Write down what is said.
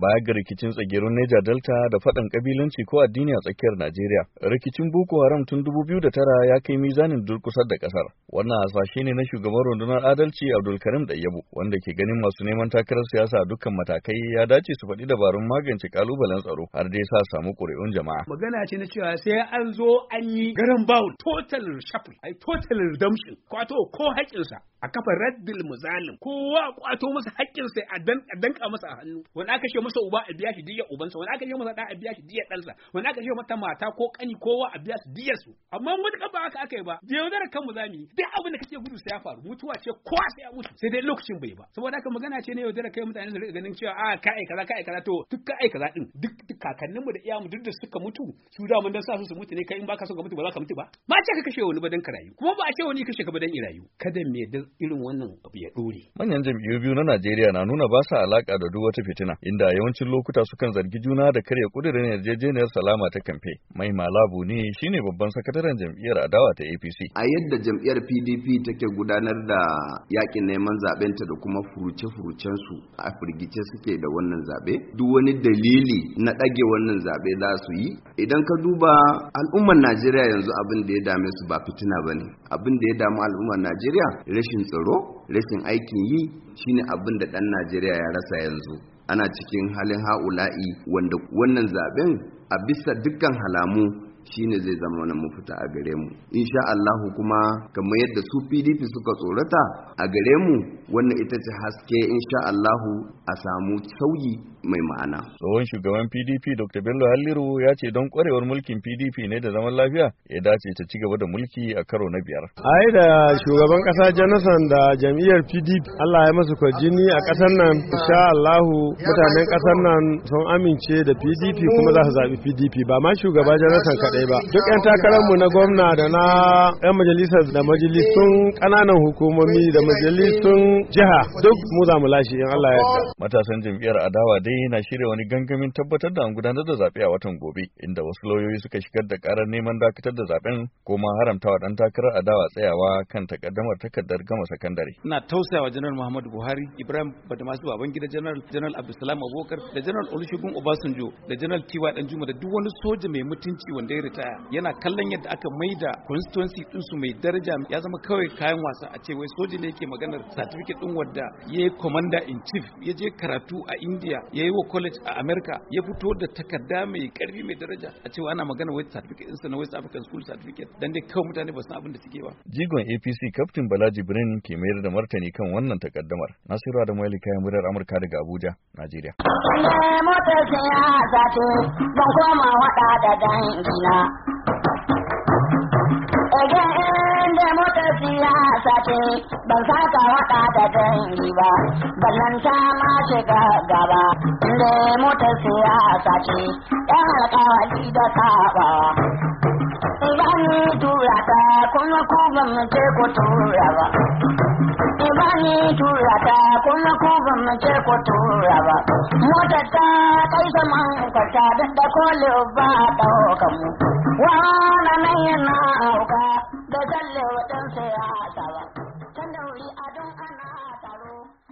baya ga rikicin tsagerun Niger Delta da faɗan kabilanci ko addini a tsakiyar Najeriya. Rikicin Boko Haram tun 2009 ya kai mizanin durkusar da ƙasar. Wannan hasashe ne na shugaban rundunar adalci Abdulkarim yabo wanda ke ganin masu neman takarar siyasa dukkan matakai ya dace su faɗi dabarun magance kalubalen tsaro har dai sa samu ƙuri'un jama'a. Magana ce na cewa sai an zo an yi garan bawo total reshuffle, ai total redemption, kwato ko haƙinsa a kafa raddil muzalim kowa kwato masa haƙƙinsa a danka masa a hannu wani aka ce masa uba a biya shi diya ubansa wani aka ce masa da a biya shi diyar ɗansa wani aka ce mata mata ko ƙani kowa a biya su diyar su amma wani ba aka aka yi ba da yaudar kanmu zamu duk abin da kake gudu sai ya faru mutuwa ce kowa sai ya mutu sai dai lokacin bai ba saboda haka magana ce ne yau da kai mutane su ganin cewa a ah, ka kaza ka kaza to duk ka kaza din duk kakannin mu da mu duk da suka mutu su da mun dan sa su su mutu ne kai in baka so ka mutu ba za ka mutu ba ma ce ka kashe wani ba dan ka rayu kuma ba a ce wani kashe ka ba dan rayu kada me da irin wannan abu ya dore manyan jam'iyyu biyu na Najeriya na nuna ba sa alaka da duk wata fitina inda yawancin lokuta sukan zargi juna da karya kudirin yarjejeniyar salama ta kamfe mai malabu ne shine babban sakataren jam'iyyar adawa ta APC a yadda jam'iyyar pdp take gudanar da yakin neman zaɓenta da kuma furuce-furucensu a firgice suke da wannan zaɓe duk wani dalili na ɗage wannan zaɓe za su yi idan ka duba al'ummar najeriya yanzu abin da ya dame su ba fitina ba ne abin da ya damu al'ummar najeriya rashin tsaro rashin aikin yi shine abin da ɗan najeriya ya rasa yanzu ana cikin halin ha'ula'i wanda wannan zaɓen a bisa dukkan halamu Shi ne zai zama wani mafita a gare mu insha Allah kuma kamar yadda su PDP suka tsorata a gare mu wannan ita ce haske insha Allah a samu sauyi mai ma'ana. Tsohon shugaban PDP Dr. Bello Halliru ya ce don kwarewar mulkin PDP ne da zaman lafiya ya dace ta ci gaba da mulki a karo na biyar. Ai da shugaban kasa Jonathan da jam'iyyar PDP Allah ya masu kwajini a kasar nan insha Allahu mutanen kasar nan sun amince da PDP kuma za su zaɓi PDP ba ma shugaba Jonathan kaɗai ba. Duk 'yan takarar mu na gwamna da na 'yan majalisar da majalisun ƙananan hukumomi da majalisun jiha duk mu za mu lashe in Allah ya Matasan jam'iyyar adawa dai dai na shirya wani gangamin tabbatar da an gudanar da zaɓe a watan gobe, inda wasu lauyoyi suka shigar da ƙarar neman dakatar da zaɓen ko ma haramtawa ɗan takarar adawa tsayawa kan takaddamar takardar gama sakandare. Ina tausayawa Janar Muhammadu Buhari, Ibrahim Badamasu gida Janar Janar Abdulsalam Abubakar da Janar Olusegun Obasanjo da Janar Tiwa Danjuma da duk wani soja mai mutunci wanda ya ritaya yana kallon yadda aka maida constituency su mai daraja ya zama kawai kayan wasa a ce wai soja ne yake maganar certificate din wadda ya yi commander in chief ya je karatu a India ya yi wa college a America ya fito da takarda mai karfi mai daraja a cewa ana magana West certificate insa na West African School certificate dan dai kawai mutane ba san abin da suke ba. Jigon APC Captain Bala birnin ke mayar da martani kan wannan takaddamar. Nasiru da Maili kayan murar Amurka daga Abuja, nigeria Ne ya Ege ce ban saka haɗa da dangi ba ballanta ma shiga gaba inda motar siyasa ce yan alkawari da saba ibani tura ta kuma mace ku tura ba ibani tura ta kuma ku ban mace ku tura ba ta kai kwata da ba ɗaukan mu wa na yana